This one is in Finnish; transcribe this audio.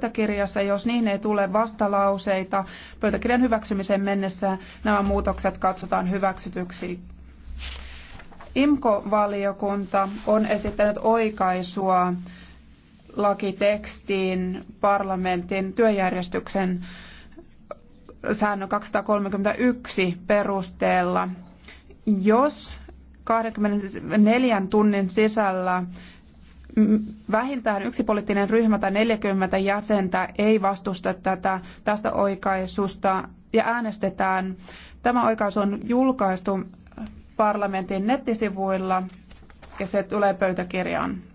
pöytäkirjassa. Jos niin ei tule vastalauseita, pöytäkirjan hyväksymiseen mennessä nämä muutokset katsotaan hyväksytyksi. IMKO-valiokunta on esittänyt oikaisua lakitekstiin parlamentin työjärjestyksen säännön 231 perusteella. Jos 24 tunnin sisällä vähintään yksi poliittinen ryhmä tai 40 jäsentä ei vastusta tätä, tästä oikaisusta ja äänestetään. Tämä oikaisu on julkaistu parlamentin nettisivuilla ja se tulee pöytäkirjaan.